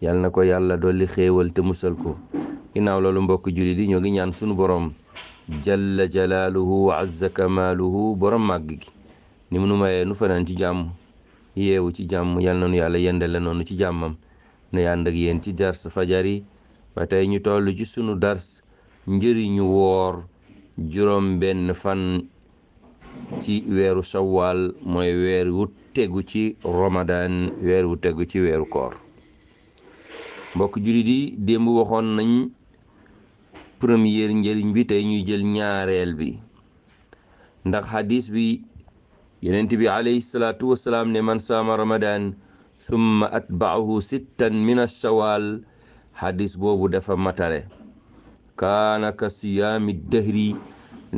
yal na ko yàlla dolli xéewal te musal ko ginaaw loolu mbokk jullit yi ñoo ngi ñaan sunu borom jalla jalaaluhu wa azza borom màgg gi ni mu nu nu fanaan ci jàmm yeewu ci jàmm yal na nu yàlla yendale noonu ci jàmmam nu ànd ak yéen ci dars fajar ba tey ñu toll ci sunu dars njëriñu woor juróom benn fan ci weeru sawaal mooy weer wu tegu ci Ramadan weer wu tegu ci weeru koor mbokk jullit yi démb waxoon nañ première njëriñ bi tey ñuy jël ñaareel bi ndax xadis bi yonent bi alayhi salaatu wasalaam ne man saama ramadan summa atbaahu sittan min ash-shawal boobu dafa matale kaana ka siyaami dëhri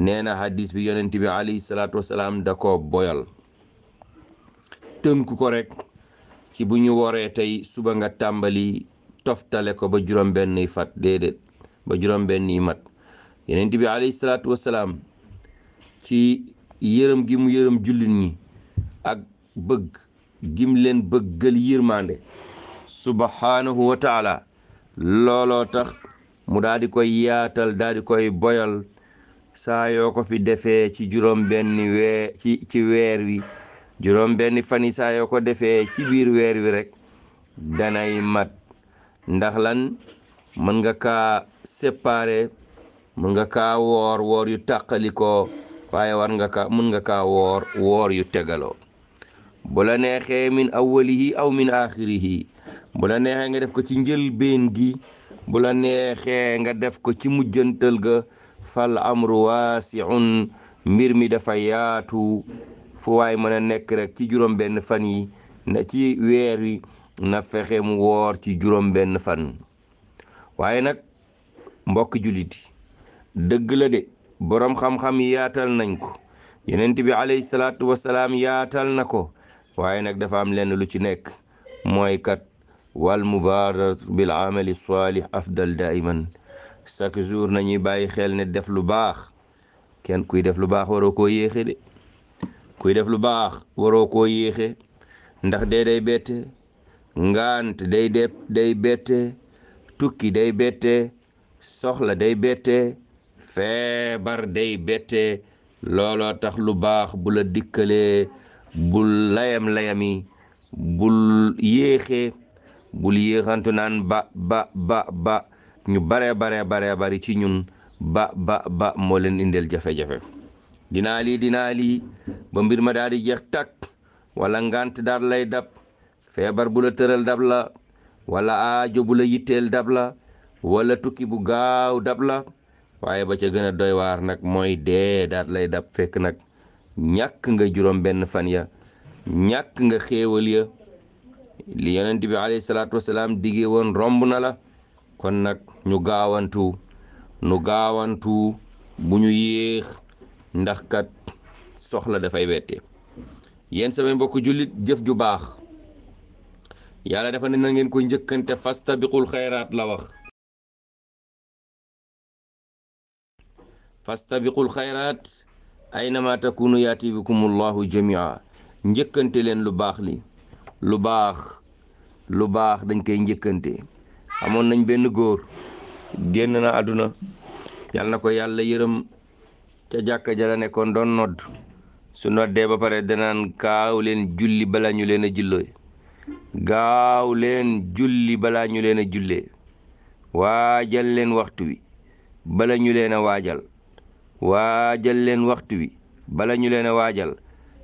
nee na xadis bi yonent bi alayhi salaatu wasalaam da ko boyal tënk ko rekk ci bu ñu woree tey suba nga tàmbali toftale ko ba juróom-benn yi fat déedéet bi alayhi salaatu wasalaam ci yërëm gi mu yërëm jullit ñi ak bëgg leen bëggal yërmande subhanahu wa looloo tax mu daldi koy yaatal daal koy boyal saa yoo ko fi defee ci juróom-benn weer ci weer wi juróom-benn fan yi saa yoo ko defee ci biir weer wi rekk danay mat. ndax lan mën nga kaa séparé mën nga kaa woor woor yu tàqalikoo waaye war nga ko mën nga kaa woor woor yu tegaloo bu la neexee min awwalihi aw min axirihi bu la nga def ko ci njëlbeen gi bu la neexee nga def ko ci mujjantal ga fal amru waasiun mbir mi dafa yaatu fu waay mën a nekk rek ci juróom benn fan yi ci weer wi na fexe mu woor ci juróom benn fan waaye nag mbokk jullit dëgg la de boroom xam-xam yaatal nañ ko yenent bi alayhi salaatu wasalaam yaatal na ko waaye nag dafa am lenn lu ci nekk mooy kat wal mubadaratu bil amali saalih afdal daiman chaque jour nañuy bàyyi xel ne def lu baax kenn kuy def lu baax waroo koo yéexe de kuy def lu baax waroo koo yéexe ndax dee day bette ngant day de day bette tukki day bette soxla day bette feebar day bette looloo tax lu baax bu la dikkalee bul layam-layami bul yéexe bul yéexantu naan ba ba ba ba ñu bare bare bare bari ci ñun ba ba ba moo leen indeel jafe-jafe dinaa lii dinaa lii ba mbir ma daal di jeex takk wala ngant daal lay dab feebar bu la tëral dab la wala aajo bu la yitteel dab la wala tukki bu gaaw dab la waaye ba ca gën a doy waar nag mooy dee daat lay dab fekk nag ñàkk nga juróom benn fan ya ñàkk nga xéewal ya li yonent bi alayhi salaatu wasalaam digge woon romb na la kon nag ñu gaawantu nu gaawantu bu ñu yéex ndax kat soxla dafay wette yenn samay mbokk jullit jëf ju baax yàlla dafa ne na ngeen ko njëkkante fastabiqul xayraat la wax fastabiqul xayraat aynama takunu yaati bikumullahu njëkkante leen lu baax li lu baax lu baax dañ koy njëkkante amoon nañ benn góor génn na àdduna yàlla na ko yàlla yërëm ca jàkka ja la nekkoon doon nodd su noddee ba pare danaan kaaw leen julli bala ñu leen a jullooy gaaw leen julli balaa ñu leen a jullee waajal leen waxtu wi bala ñu leen a waajal waajal leen waxtu wi bala ñu leen a waajal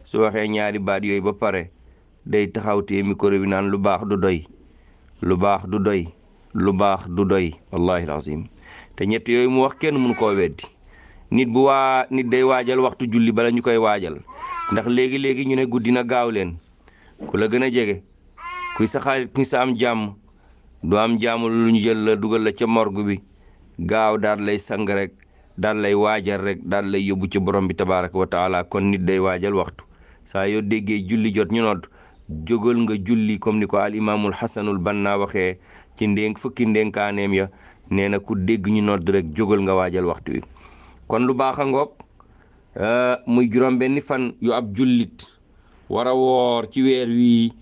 su waxee ñaari baat yooyu ba pare day taxawtee micro bi naan lu baax du doy lu baax du doy lu baax du doy wallahi alazim te ñett yooyu mu wax kenn mun koo weddi nit bu waa nit day waajal waxtu julli bala ñu koy waajal ndax léegi-léegi ñu ne guddi na gaaw leen ku la gën a jege kuy sa xaalis kuy sa am jàmm du am jàmm lu ñu jël la dugal la ca morgo bi gaaw daal lay sang rek daal lay waajal rek daal lay yóbbu ci borom bi tabaaraka wa taala kon nit day waajal waxtu saa yoo déggee julli jot ñu nodd jógal nga julli comme ni ko al imaamul xasanul banna waxee ci ndénk fukki ndénkaaneem ya nee na ku dégg ñu nodd rek jógal nga waajal waxtu wi kon lu baax a ngoog euh, muy juróom benni fan yu ab jullit war woor ci weer wii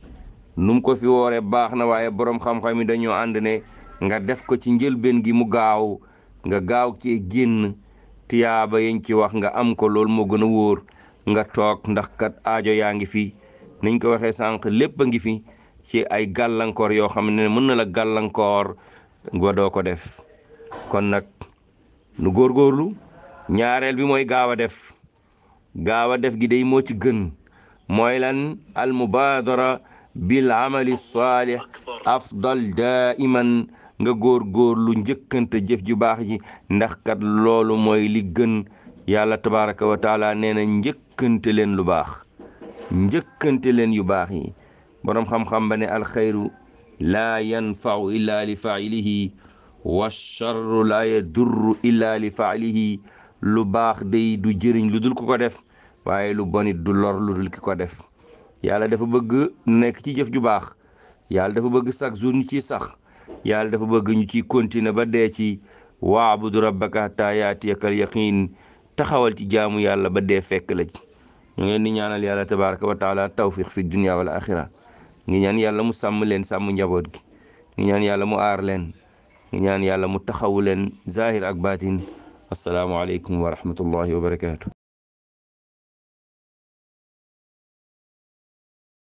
nu mu ko fi woore baax na waaye boroom xam-xam yi dañoo ànd ne nga def ko ci njëlbéen gi mu gaaw nga gaaw ci génn tiyaaba yañ ci wax nga am ko loolu moo gën a wóor nga toog ndax kat aajo yaa ngi fi niñ ko waxee sànq lépp a ngi fi ci ay gàllankoor yoo xam ne mën na la gàllankoor ba doo ko def kon nag nu góorlu ñaareel bi mooy gaaw a def gaaw a def gi day moo ci gën mooy lan bil amali saalix afdal daiman nga góor góor lu njëkkante jëf ju baax ji ndax kat loolu mooy li gën yàlla tabaraka wa taala nee na njëkkante leen lu baax njëkkante leen yu baax yi boroom xam-xam ba ne alxayru laa yanfau illaa li failihi wa charru laa yadurru illaa li failihi lu baax day du jëriñ lu dul ku ko def waaye lu bonit du lor lu dul ko def yàlla dafa bëgg nekk ci jëf ju baax yàlla dafa bëgg chaque jour ñu ciy sax yàlla dafa bëgg ñu ciy continuer ba dee ci waabudu rabbaka hatta yaatiyakal yaqiin taxawal ci jaamu yàlla ba dee fekk la ci ñu ngeen di ñaanal yàlla tabaraka wa taala tawfiq fi dunia wal axira ngi ñaan yàlla mu sàmm leen sàmm njaboot gi ngi ñaan yàlla mu aar leen ngi ñaan yàlla mu taxawu leen zahir ak baatin assalaamu aleykum wa rahmatullahi wa barakaatu